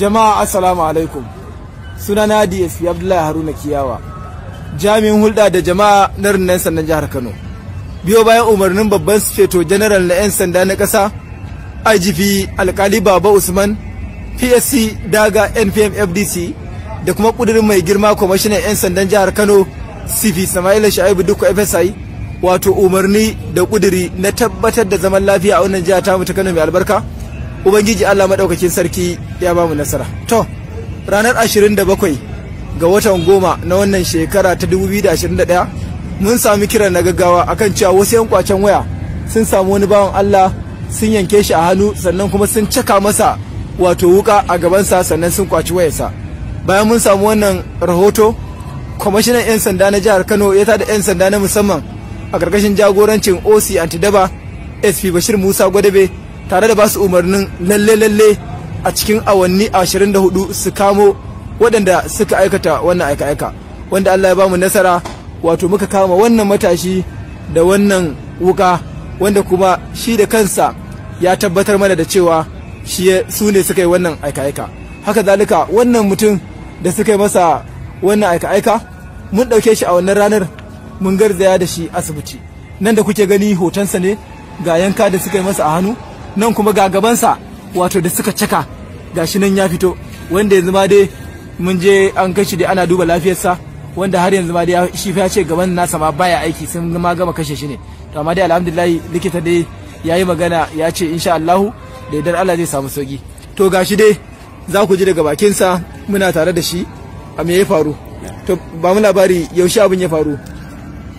jama'a assalamu alaikum sunana dsp abdullahi haruna kiyawa jami'in hulɗa da jama'a na rinnan sandan jihar kano biyo bayan umarnin babban feto general na 'yan sanda na ƙasa igp alkali baba usman psc daga npm fdc da kuma ƙudurin mai girma kwamishinan 'yan sandan jihar kano cv sama'ila sha'ibu duka fsi wato umarni da ƙuduri na tabbatar da zaman lafiya a wannan jiha tamu ta kano mai albarka ubangiji Allah maɗaukakin sarki ya ba mu nasara to ranar 27 ga watan goma na wannan shekara ta 2021 mun sami kiran na gaggawa akan cewa wasu yan kwacen waya sun samu wani bawan Allah sun yanke shi a hannu sannan kuma sun caka masa wato wuka a gabansa sannan sun kwaci wayarsa bayan mun samu wannan rahoto kwamishinan 'yan sanda na jihar kano ya tada 'yan sanda na musamman a ƙarƙashin jagorancin oc antidaba sp bashir musa gwadabe tare da ba su umarnin lalle-lalle a cikin awanni 24 su kamo waɗanda suka aikata wannan aika-aika wanda Allah ya ba mu nasara wato muka kama wannan matashi da wannan wuka wanda kuma shi da kansa ya tabbatar mana da cewa shi su ne suka yi wannan aika-aika haka zalika wannan mutum da suka yi masa wannan aika-aika mun ɗauke shi a wannan ranar mun garzaya da shi asibiti nan da kuke gani hotonsa ne ga yanka da suka yi masa a hannu nan kuma ga gabansa wato da suka caka gashi nan ya fito wanda yanzu ma dai mun je an kashe dai ana duba lafiyarsa wanda har yanzu ma dai shi ya ce gaban nasa ma baya aiki sun ma gama kashe shi ne to amma dai alhamdulillah likita dai yayi magana ya ce insha Allahu da idan Allah zai samu sauki to gashi dai za ku ji daga bakinsa muna tare da shi a me ya faru to ba mu labari yaushe abin ya faru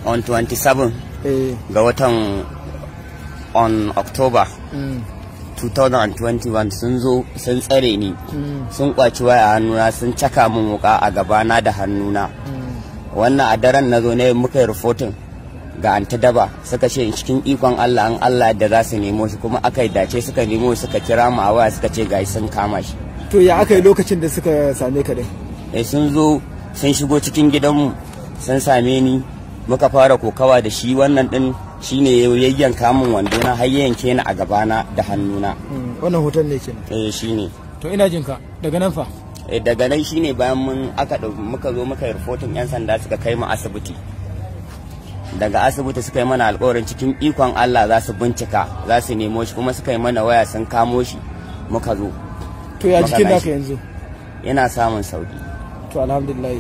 on 27 eh. ga watan on october 2021 mm. sun zo sun tsare ni mm. sun kwaci waya hannuna sun caka min wuka a gabana da hannuna mm. wannan a daren na zo ne muka yi rufotin ga ta daba suka ce cikin ikon allah an allah da za su nemo shi kuma aka yi dace suka nemo suka kira mu a waya suka ce ga sun kama shi to ya aka yi lokacin da suka same ka dai eh, sun zo sun shigo cikin gidanmu sun same ni muka fara kokawa da shi wannan din shine yayyanka min wando na har yanke ni a na da hannuna hmm, wannan hoton ne kenan eh shine to ina jinka daga nan fa eh daga nan shine bayan mun aka muka zo muka rahoton yan sanda suka kai mu asibiti daga asibiti suka yi mana alƙawarin cikin ikon Allah za su bincika za su nemo shi kuma suka yi mana waya sun kamo shi muka zo to ya jikin naka yanzu yana samun sauki to alhamdulillah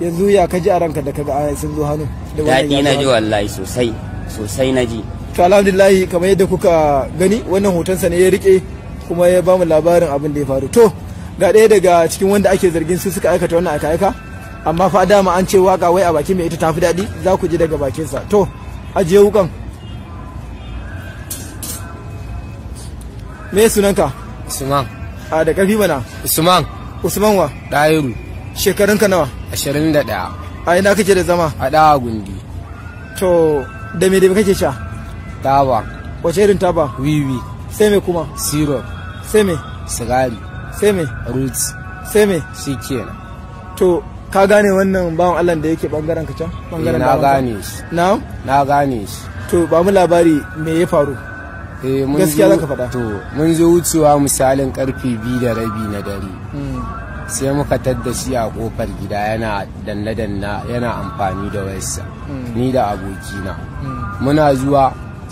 yanzu ya kaji a ranka da kaga sun zo hannu da daɗi na ji wallahi sosai sosai na ji to alhamdulillah kamar yadda kuka gani wannan hotonsa ne ya rike kuma ya bamu labarin abin da ya faru to ga ɗaya daga cikin wanda ake zargin su suka aikata wannan aka aika amma fa dama an ce waka wai a bakin mai ita tafi daɗi za ku ji daga bakinsa to ajiye wukan me sunanka usman a da ƙarfi mana usman usman wa ɗayiru shekarunka nawa ashirin da ɗaya a ina kake da zama a ɗawa gundi to da me da kake sha taba wace irin taba wiwi sai me kuma siro sai me sigari sai me roots sai me shikenan to ka gane wannan bawan Allah da yake bangaren ka can bangaren eh, na gane shi na na gane shi to ba mu labari me ya faru eh, gaskiya zaka faɗa to mun zo wucewa misalin karfe biyu da rabi na dare hmm. sai muka tadda shi a kofar gida yana danna-danna yana amfani da wayarsa mm. ni da abokina mm. muna zuwa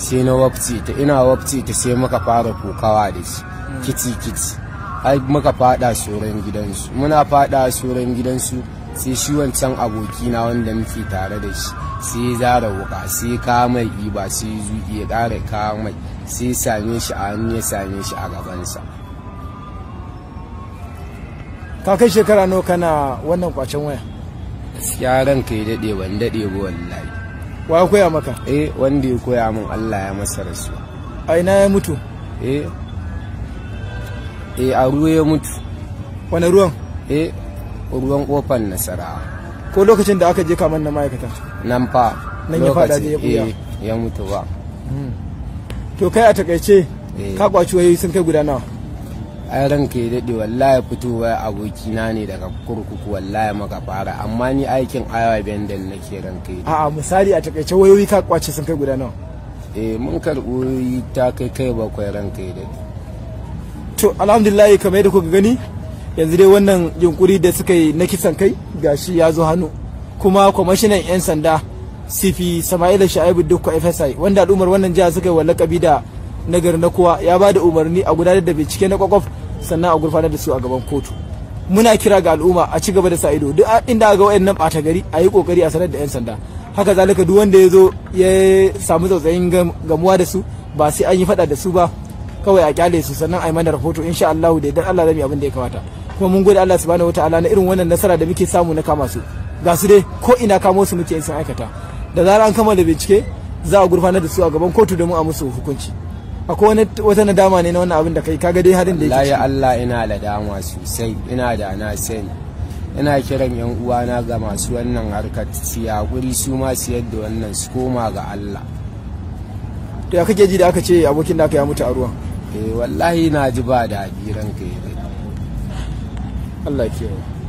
sai na wafce ta ina wafce ta sai muka fara kokawa da shi mm. kici kici ai muka fada soran gidansu muna fada soran gidansu sai shi wancan abokina wanda muke tare da shi sai zara wuka sai ka mai iba sai zuƙi ya ƙara ka mai sai same shi a hannu ya same shi a gabansa ka kai shekara nawa kana wannan kwacen waya gaskiya ranka ya dade, ban dade ba wallahi wa ya koya maka eh wanda ya koya min Allah ya masa rasu a ina ya mutu eh eh a ruwa ya mutu wani ruwan eh ruwan kofar nasara ko lokacin da aka je kaman na ma'aikata nan fa nan ya fada ya buya eh, ya mutu ba hmm. to kai a takaice eh. ka kwaci wayoyi sun kai guda nawa ai ranka ya daɗe wallahi fitowa abokina ne daga kurkuku wallahi maka fara amma ni aikin ayawa bendel nake ranka ya a'a misali a takaice wayoyi ka kwace sun kai guda nawa eh mun karɓi ta kai kai bakwai ranka ya daɗe to alhamdulillah kamar yadda kuka gani yanzu dai wannan yunkuri da suka yi na kisan kai gashi ya zo hannu kuma kwamashinan 'yan sanda cp sama'ila sha'ibu dukka fsi wanda al'ummar wannan jiha suka yi wa da nagari na kowa ya ba da umarni a gudanar da bincike na kwakwaf sannan a gurfanar da su a gaban kotu muna kira ga al'umma a ci gaba da sa ido duk inda ga wayannan bata gari a yi kokari a sanar da yan sanda haka zalika duk wanda ya zo ya samu tsautsayin gamuwa da su ba sai an yi fada da su ba kawai a kyale su sannan a yi mana rahoto insha Allah da idan Allah zai mi abin da ya kamata kuma mun gode Allah subhanahu wataala na irin wannan nasara da muke samu na kama su ga su dai ko ina kamo su muke sun aikata da zarar an da bincike za a gurfanar da su a gaban kotu domin a musu hukunci akwai wata nadama ne na wannan abin da kai kaga dai harin da yake ciki Allah ina da dama sosai ina da na sani ina kiran yan uwana ga masu wannan harkar su guri su ma yadda wannan su koma ga Allah to ya kake ji da aka ce abokin da aka ya mutu a ruwan eh wallahi na ji ba da ranka ya Allah ya kiyaye